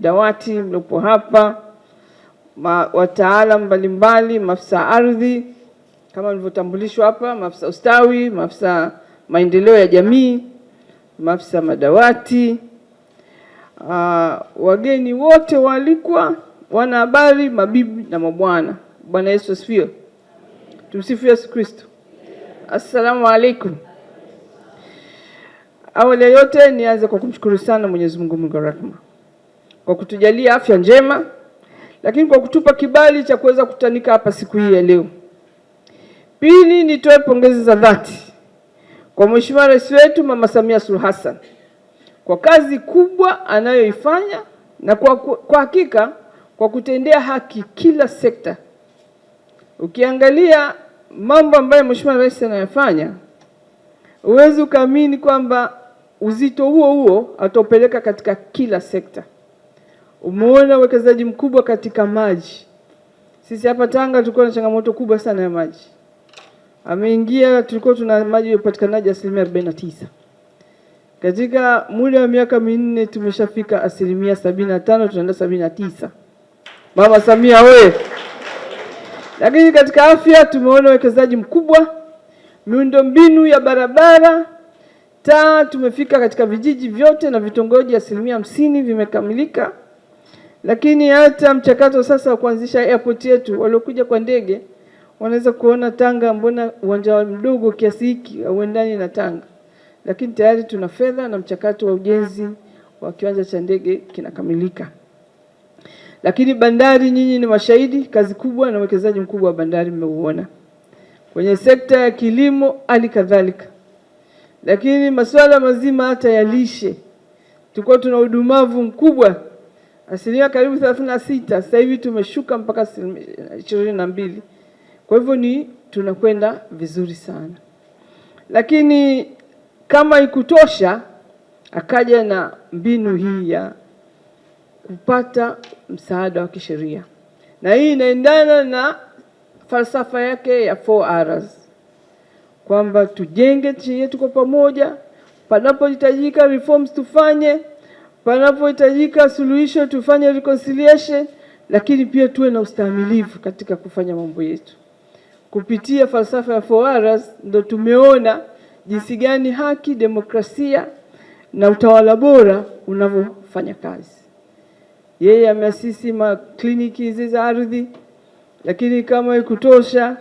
dawati mliopo hapa, wataalam mbalimbali, maafisa ardhi kama mlivyotambulishwa hapa, maafisa ustawi, maafisa maendeleo ya jamii, maafisa madawati, aa, ah, wageni wote waalikwa, wanahabari, mabibi na mabwana. Bwana Yesu asifiwe. Tumsifu Yesu Kristo. Assalamu alaikum. Awali ya yote nianze kwa kumshukuru sana Mwenyezi Mungu mwingi wa rehema kwa kutujalia afya njema, lakini kwa kutupa kibali cha kuweza kutanika hapa siku hii ya leo. Pili, nitoe pongezi za dhati kwa Mheshimiwa Rais wetu Mama Samia Suluhu Hassan kwa kazi kubwa anayoifanya na kwa, kwa hakika kwa kutendea haki kila sekta. Ukiangalia mambo ambayo Mheshimiwa Rais anayofanya huwezi ukaamini kwamba uzito huo huo ataupeleka katika kila sekta. Umeona uwekezaji mkubwa katika maji. Sisi hapa Tanga tulikuwa na changamoto kubwa sana ya maji. Ameingia, tulikuwa tuna maji ya upatikanaji asilimia tisa Katika muda wa miaka minne tumeshafika asilimia tano tunaenda tisa Mama Samia we! Lakini katika afya tumeona uwekezaji mkubwa, miundombinu ya barabara, taa, tumefika katika vijiji vyote na vitongoji asilimia hamsini vimekamilika. Lakini hata mchakato sasa wa kuanzisha airport yetu, waliokuja kwa ndege wanaweza kuona Tanga, mbona uwanja mdogo kiasi hiki hauendani na Tanga? Lakini tayari tuna fedha na mchakato wa ujenzi wa kiwanja cha ndege kinakamilika. Lakini bandari, nyinyi ni mashahidi, kazi kubwa na uwekezaji mkubwa wa bandari mmeuona kwenye sekta ya kilimo, hali kadhalika. Lakini masuala mazima hata ya lishe, tulikuwa tuna udumavu mkubwa asilimia karibu thelathini na sita, sasa hivi tumeshuka mpaka ishirini na mbili. Kwa hivyo ni tunakwenda vizuri sana, lakini kama ikutosha, akaja na mbinu hii ya kupata msaada wa kisheria, na hii inaendana na falsafa yake ya 4Rs kwamba tujenge nchi yetu kwa pamoja, panapohitajika reforms tufanye panapohitajika suluhisho tufanye reconciliation, lakini pia tuwe na ustahimilivu katika kufanya mambo yetu. Kupitia falsafa ya 4R ndo tumeona jinsi gani haki, demokrasia na utawala bora unavyofanya kazi. Yeye ameasisi makliniki hizi za ardhi, lakini kama ikutosha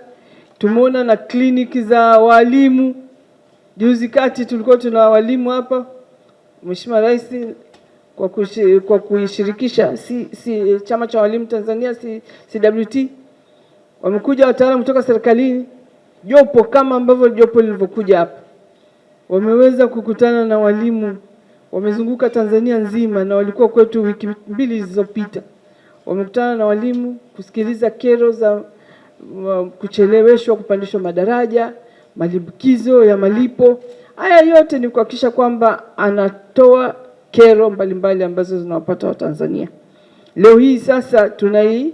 tumeona na kliniki za walimu. Juzi kati tulikuwa tuna walimu hapa, Mheshimiwa Rais kwa, kushi, kwa kuishirikisha si, si chama cha walimu Tanzania si, CWT. Wamekuja wataalamu kutoka serikalini, jopo kama ambavyo jopo lilivyokuja hapa, wameweza kukutana na walimu, wamezunguka Tanzania nzima, na walikuwa kwetu wiki mbili zilizopita. Wamekutana na walimu kusikiliza kero za kucheleweshwa kupandishwa madaraja, malimbikizo ya malipo. Haya yote ni kuhakikisha kwamba anatoa kero mbalimbali ambazo zinawapata Watanzania. Leo hii sasa tuna hii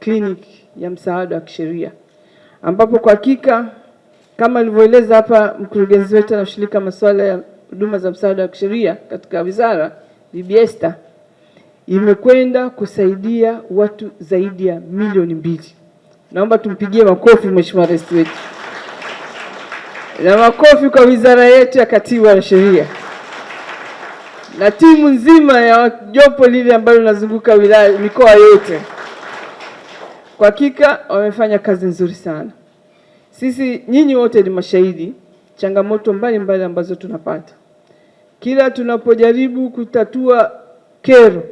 kliniki ya msaada wa kisheria ambapo kwa hakika kama alivyoeleza hapa mkurugenzi wetu anashirika masuala ya huduma za msaada wa kisheria katika wizara, Bibi Esther, imekwenda kusaidia watu zaidi ya milioni mbili. Naomba tumpigie makofi Mheshimiwa Rais wetu na makofi kwa wizara yetu ya katiba na sheria na timu nzima ya jopo lile ambalo linazunguka wilaya mikoa yote. Kwa hakika wamefanya kazi nzuri sana. Sisi nyinyi wote ni mashahidi changamoto mbalimbali mbali ambazo tunapata kila tunapojaribu kutatua kero,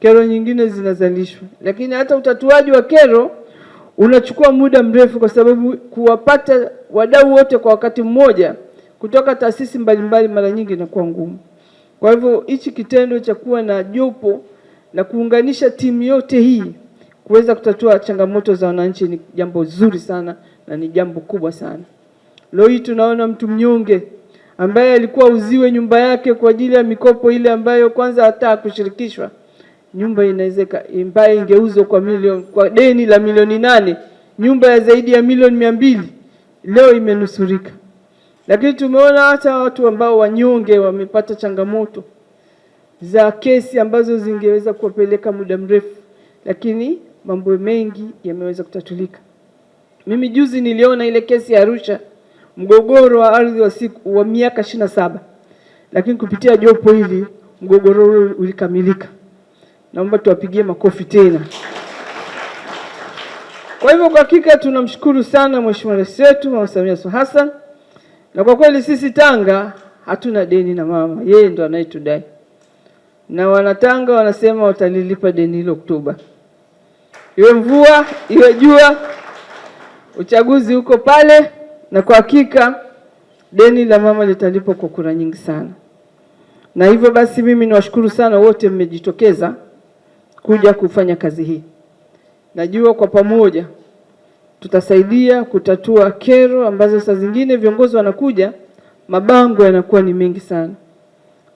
kero nyingine zinazalishwa, lakini hata utatuaji wa kero unachukua muda mrefu, kwa sababu kuwapata wadau wote kwa wakati mmoja kutoka taasisi mbalimbali mara nyingi inakuwa ngumu. Kwa hivyo hichi kitendo cha kuwa na jopo na kuunganisha timu yote hii kuweza kutatua changamoto za wananchi ni jambo zuri sana na ni jambo kubwa sana. Leo hii tunaona mtu mnyonge ambaye alikuwa uziwe nyumba yake kwa ajili ya mikopo ile ambayo kwanza hata kushirikishwa nyumba inaweza ambaye ingeuzwa kwa milioni, kwa deni la milioni nane, nyumba ya zaidi ya milioni mia mbili leo imenusurika. Lakini tumeona hata watu ambao wanyonge wamepata changamoto za kesi ambazo zingeweza kuwapeleka muda mrefu, lakini mambo mengi yameweza kutatulika. Mimi juzi niliona ile kesi ya Arusha, mgogoro wa ardhi wa siku wa miaka ishirini na saba, lakini kupitia jopo hili mgogoro huo ulikamilika. Naomba tuwapigie makofi tena. Kwa hivyo kwa hakika tunamshukuru sana Mheshimiwa Rais wetu Mama Samia Suluhu Hassan na kwa kweli sisi Tanga hatuna deni na mama, yeye ndo anayetudai, na Wanatanga wanasema watalilipa deni hilo Oktoba, iwe mvua iwe jua, uchaguzi uko pale, na kwa hakika deni la mama litalipwa kwa kura nyingi sana. Na hivyo basi, mimi niwashukuru sana wote mmejitokeza kuja kufanya kazi hii, najua kwa pamoja tutasaidia kutatua kero ambazo saa zingine viongozi wanakuja, mabango yanakuwa ni mengi sana.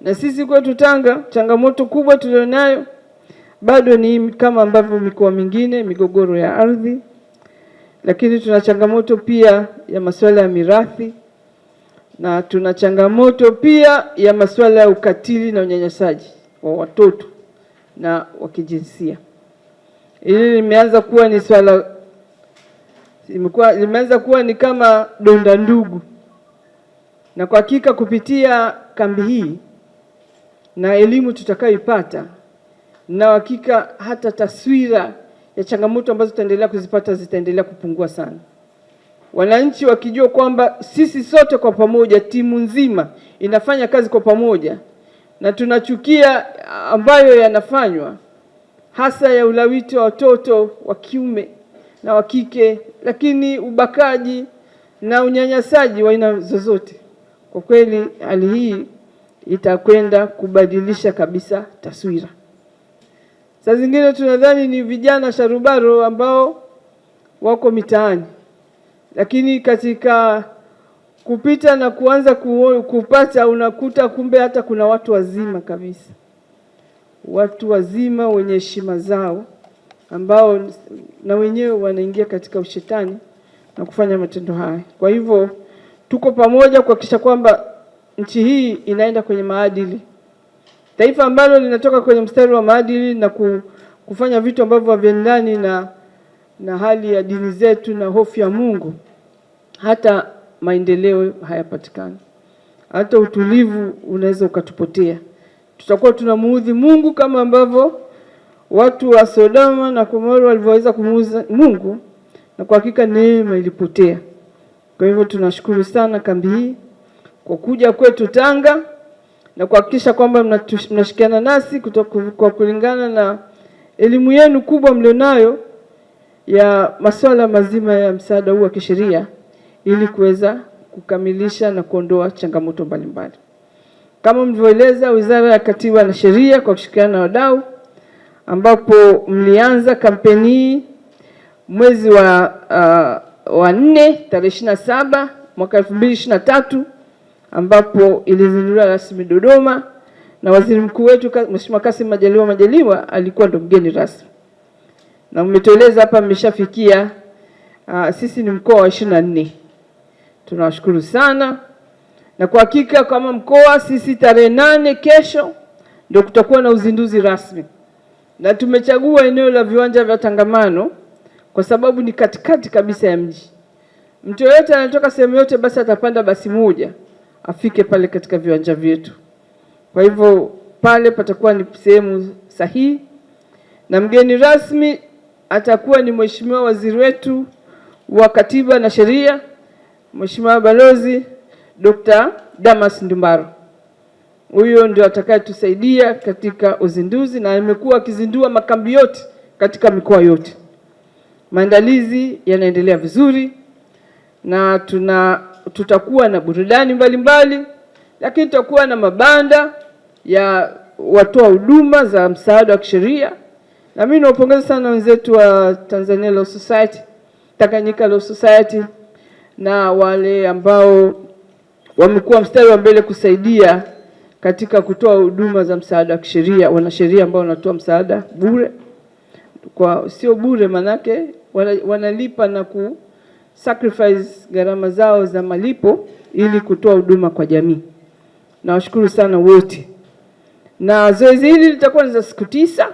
Na sisi kwetu Tanga, changamoto kubwa tulionayo bado ni kama ambavyo mikoa mingine, migogoro ya ardhi, lakini tuna changamoto pia ya masuala ya mirathi na tuna changamoto pia ya masuala ya ukatili na unyanyasaji wa watoto na wa kijinsia. Hili limeanza kuwa ni swala imekuwa imeanza kuwa ni kama donda ndugu, na kwa hakika kupitia kambi hii na elimu tutakayoipata, na hakika hata taswira ya changamoto ambazo tutaendelea kuzipata zitaendelea kupungua sana, wananchi wakijua kwamba sisi sote kwa pamoja, timu nzima inafanya kazi kwa pamoja, na tunachukia ambayo yanafanywa hasa ya ulawiti wa watoto wa kiume na wa kike, lakini ubakaji na unyanyasaji wa aina zozote. Kwa kweli hali hii itakwenda kubadilisha kabisa taswira. Saa zingine tunadhani ni vijana sharubaro ambao wako mitaani, lakini katika kupita na kuanza kupata unakuta kumbe hata kuna watu wazima kabisa, watu wazima wenye heshima zao ambao na wenyewe wanaingia katika ushetani na kufanya matendo haya. Kwa hivyo tuko pamoja kuhakikisha kwamba nchi hii inaenda kwenye maadili, taifa ambalo linatoka kwenye mstari wa maadili na kufanya vitu ambavyo haviendani na, na hali ya dini zetu na hofu ya Mungu, hata maendeleo hayapatikani, hata utulivu unaweza ukatupotea. Tutakuwa tunamuudhi Mungu kama ambavyo watu wa Sodoma na Gomora walivyoweza kumuuza Mungu, na kwa hakika neema ilipotea. Kwa hivyo tunashukuru sana kambi hii kwa kuja kwetu Tanga na kuhakikisha kwamba mnashikiana nasi kwa kulingana na elimu yenu kubwa mlionayo ya masuala mazima ya msaada huu wa kisheria ili kuweza kukamilisha na kuondoa changamoto mbalimbali. Kama mlivyoeleza, Wizara ya Katiba na Sheria kwa kushirikiana na wadau ambapo mlianza kampeni hii mwezi wa uh, wa nne tarehe ishirini na saba mwaka elfu mbili ishirini na tatu ambapo ilizinduliwa rasmi Dodoma na waziri mkuu wetu Mheshimiwa Kassim Majaliwa Majaliwa alikuwa ndo mgeni rasmi, na umetueleza hapa mmeshafikia. Uh, sisi ni mkoa wa ishirini na nne. Tunawashukuru sana na kwa hakika kama mkoa sisi tarehe nane kesho ndio kutakuwa na uzinduzi rasmi na tumechagua eneo la viwanja vya Tangamano kwa sababu ni katikati kabisa ya mji. Mtu yoyote anatoka sehemu yote, basi atapanda basi moja afike pale katika viwanja vyetu. Kwa hivyo pale patakuwa ni sehemu sahihi, na mgeni rasmi atakuwa ni Mheshimiwa Waziri wetu wa Katiba na Sheria, Mheshimiwa Balozi Dr. Damas Ndumbaro. Huyo ndio atakayetusaidia katika uzinduzi, na amekuwa akizindua makambi yote katika mikoa yote. Maandalizi yanaendelea vizuri na tuna tutakuwa na burudani mbalimbali, lakini tutakuwa na mabanda ya watoa huduma za msaada wa kisheria, na mimi naupongeza sana wenzetu wa Tanzania Law Society, Tanganyika Law Society na wale ambao wamekuwa mstari wa mbele kusaidia katika kutoa huduma za msaada wa kisheria, wanasheria ambao wanatoa msaada bure kwa sio bure, manake wanalipa na ku sacrifice gharama zao za malipo ili kutoa huduma kwa jamii. Nawashukuru sana wote, na zoezi hili litakuwa ni za siku tisa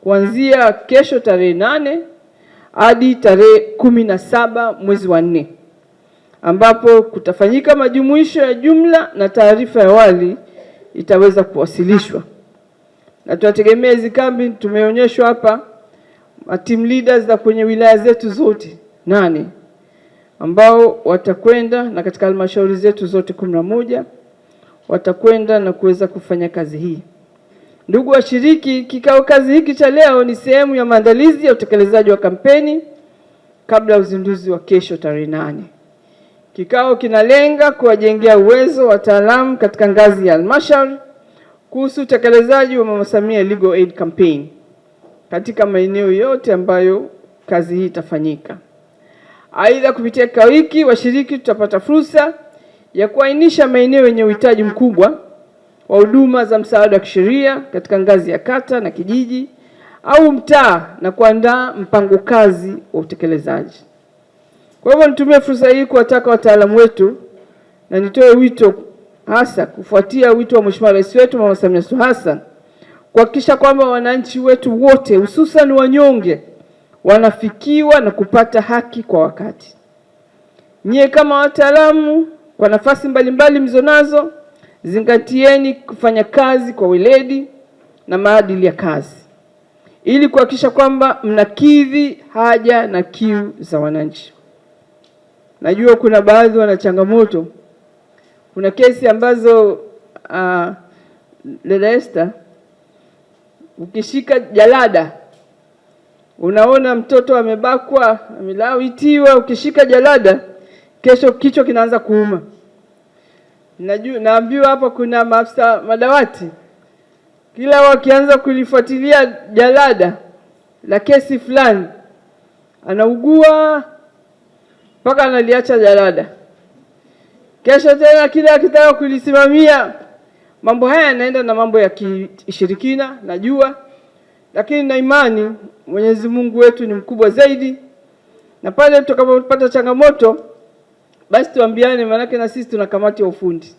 kuanzia kesho tarehe nane hadi tarehe kumi na saba mwezi wa nne ambapo kutafanyika majumuisho ya jumla na taarifa ya awali itaweza kuwasilishwa, na tunategemea hizi kambi. Tumeonyeshwa hapa team leaders za kwenye wilaya zetu zote nane ambao watakwenda na katika halmashauri zetu zote kumi na moja watakwenda na kuweza kufanya kazi hii. Ndugu washiriki, kikao kazi hiki cha leo ni sehemu ya maandalizi ya utekelezaji wa kampeni kabla ya uzinduzi wa kesho tarehe nane. Kikao kinalenga kuwajengea uwezo wataalamu katika ngazi ya halmashauri kuhusu utekelezaji wa Mama Samia Legal Aid Campaign katika maeneo yote ambayo kazi hii itafanyika. Aidha, kupitia kikao hiki washiriki tutapata fursa ya kuainisha maeneo yenye uhitaji mkubwa wa huduma za msaada wa kisheria katika ngazi ya kata na kijiji au mtaa na kuandaa mpango kazi wa utekelezaji. Kwa hivyo nitumie fursa hii kuwataka wataalamu wetu na nitoe wito hasa kufuatia wito wa Mheshimiwa Rais wetu Mama Samia Suluhu Hassan kuhakikisha kwamba wananchi wetu wote hususan wanyonge wanafikiwa na kupata haki kwa wakati. Nyie kama wataalamu kwa nafasi mbalimbali mlizonazo, zingatieni kufanya kazi kwa weledi na maadili ya kazi ili kuhakikisha kwamba mnakidhi haja na kiu za wananchi. Najua kuna baadhi wana changamoto, kuna kesi ambazo uh, dada Esther, ukishika jalada unaona mtoto amebakwa, amelawitiwa, ukishika jalada kesho kichwa kinaanza kuuma. Najua, naambiwa hapa kuna maafisa madawati kila wakianza kulifuatilia jalada la kesi fulani anaugua mpaka analiacha jalada. Kesho tena kile akitaka kulisimamia mambo haya yanaenda na mambo ya kishirikina, najua, lakini na imani Mwenyezi Mungu wetu ni mkubwa zaidi, na pale tutakapopata changamoto basi tuambiane, maanake na sisi tuna kamati ya ufundi,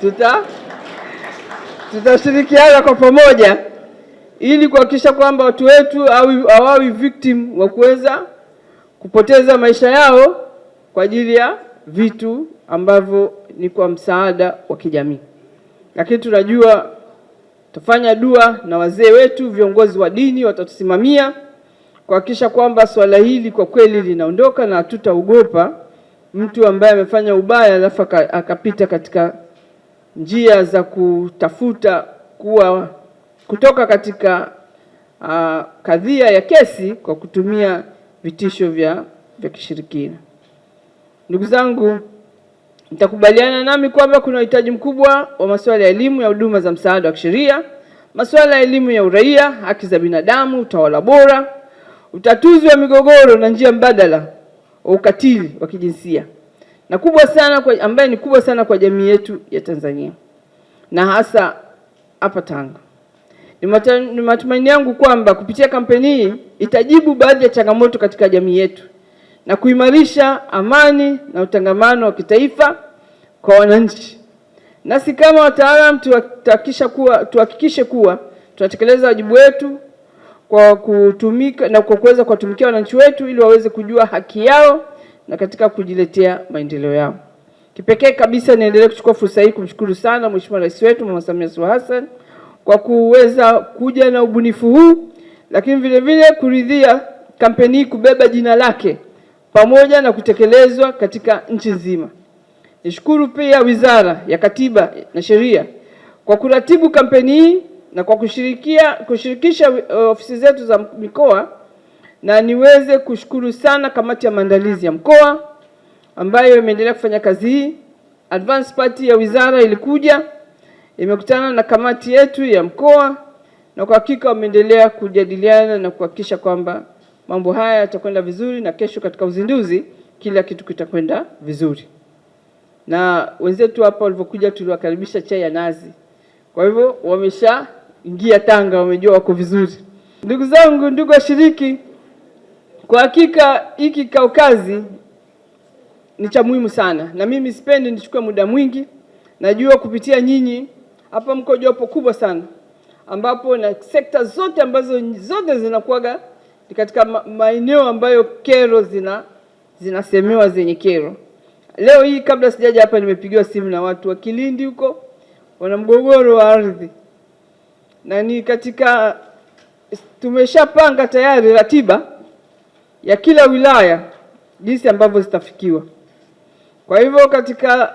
tuta tutashirikiana kwa pamoja ili kuhakikisha kwamba watu wetu awawi victim wa kuweza kupoteza maisha yao kwa ajili ya vitu ambavyo ni kwa msaada wa kijamii. Lakini tunajua tufanya dua na wazee wetu, viongozi wa dini watatusimamia kuhakikisha kwamba swala hili kwa kweli linaondoka na hatutaogopa mtu ambaye amefanya ubaya alafu akapita katika njia za kutafuta kuwa kutoka katika uh, kadhia ya kesi kwa kutumia vitisho vya, vya kishirikina. Ndugu zangu, mtakubaliana nami kwamba kuna uhitaji mkubwa wa masuala ya elimu ya huduma za msaada wa kisheria, masuala ya elimu ya uraia, haki za binadamu, utawala bora, utatuzi wa migogoro na njia mbadala wa ukatili wa kijinsia na kubwa sana kwa, ambaye ni kubwa sana kwa jamii yetu ya Tanzania na hasa hapa Tanga. Ni matumaini yangu kwamba kupitia kampeni hii itajibu baadhi ya changamoto katika jamii yetu na kuimarisha amani na utangamano wa kitaifa kwa wananchi. Nasi kama wataalam tuhakikishe kuwa tunatekeleza wajibu wetu kwa kutumika na kwa kuweza kuwatumikia wananchi wetu ili waweze kujua haki yao na katika kujiletea maendeleo yao. Kipekee kabisa niendelee kuchukua fursa hii kumshukuru sana Mheshimiwa Rais wetu Mama Samia Suluhu Hassan kwa kuweza kuja na ubunifu huu, lakini vile vile kuridhia kampeni hii kubeba jina lake pamoja na kutekelezwa katika nchi nzima. Nishukuru pia Wizara ya Katiba na Sheria kwa kuratibu kampeni hii na kwa kushirikia, kushirikisha eh, ofisi zetu za mikoa, na niweze kushukuru sana kamati ya maandalizi ya mkoa ambayo imeendelea kufanya kazi hii. Advance party ya wizara ilikuja imekutana na kamati yetu ya mkoa na kwa hakika wameendelea kujadiliana na kuhakikisha kwamba mambo haya yatakwenda vizuri, na kesho katika uzinduzi kila kitu kitakwenda vizuri. Na wenzetu hapa walivyokuja, tuliwakaribisha chai ya nazi, kwa hivyo wameshaingia Tanga, wamejua wako vizuri. Ndugu zangu, ndugu washiriki, kwa hakika hiki kikao kazi ni cha muhimu sana, na mimi sipendi nichukue muda mwingi. Najua kupitia nyinyi hapa mko jopo kubwa sana ambapo na sekta zote ambazo zote zinakuwaga katika maeneo ambayo kero zina zinasemewa zenye kero. Leo hii kabla sijaja hapa, nimepigiwa simu na watu wa Kilindi huko, wana mgogoro wa ardhi na ni katika, tumeshapanga tayari ratiba ya kila wilaya jinsi ambavyo zitafikiwa. Kwa hivyo katika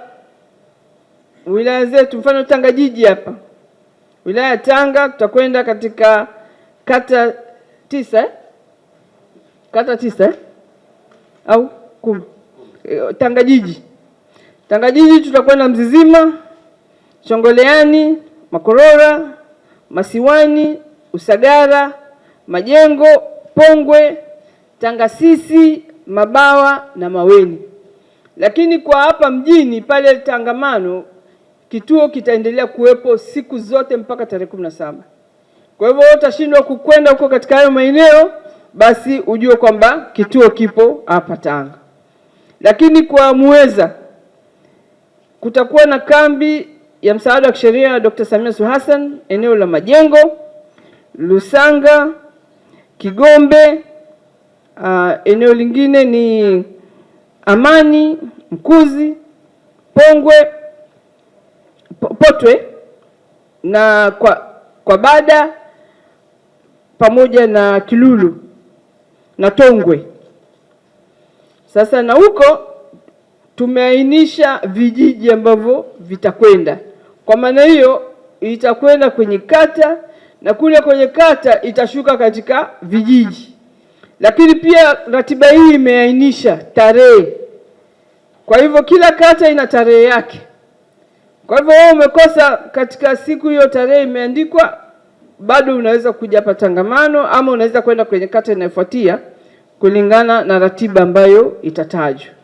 wilaya zetu, mfano Tanga jiji hapa, wilaya ya Tanga tutakwenda katika kata tisa, eh? kata tisa eh? au kumi. Eh, tanga jiji, Tanga jiji tutakwenda Mzizima, Chongoleani, Makorora, Masiwani, Usagara, Majengo, Pongwe, tanga sisi Mabawa na Maweni. Lakini kwa hapa mjini pale Tangamano Kituo kitaendelea kuwepo siku zote mpaka tarehe kumi na saba. Kwa hivyo utashindwa kukwenda huko katika hayo maeneo, basi ujue kwamba kituo kipo hapa Tanga. Lakini kwa Muheza kutakuwa na kambi ya msaada wa kisheria ya Dr. Samia Suluhu Hassan eneo la Majengo, Lusanga, Kigombe. Uh, eneo lingine ni Amani, Mkuzi, Pongwe Potwe na kwa, kwa Bada pamoja na Kilulu na Tongwe. Sasa na huko tumeainisha vijiji ambavyo vitakwenda. Kwa maana hiyo itakwenda kwenye kata na kule kwenye kata itashuka katika vijiji, lakini pia ratiba hii imeainisha tarehe. Kwa hivyo kila kata ina tarehe yake. Kwa hivyo wewe umekosa katika siku hiyo, tarehe imeandikwa, bado unaweza kuja hapa Tangamano ama unaweza kwenda kwenye kata inayofuatia kulingana na ratiba ambayo itatajwa.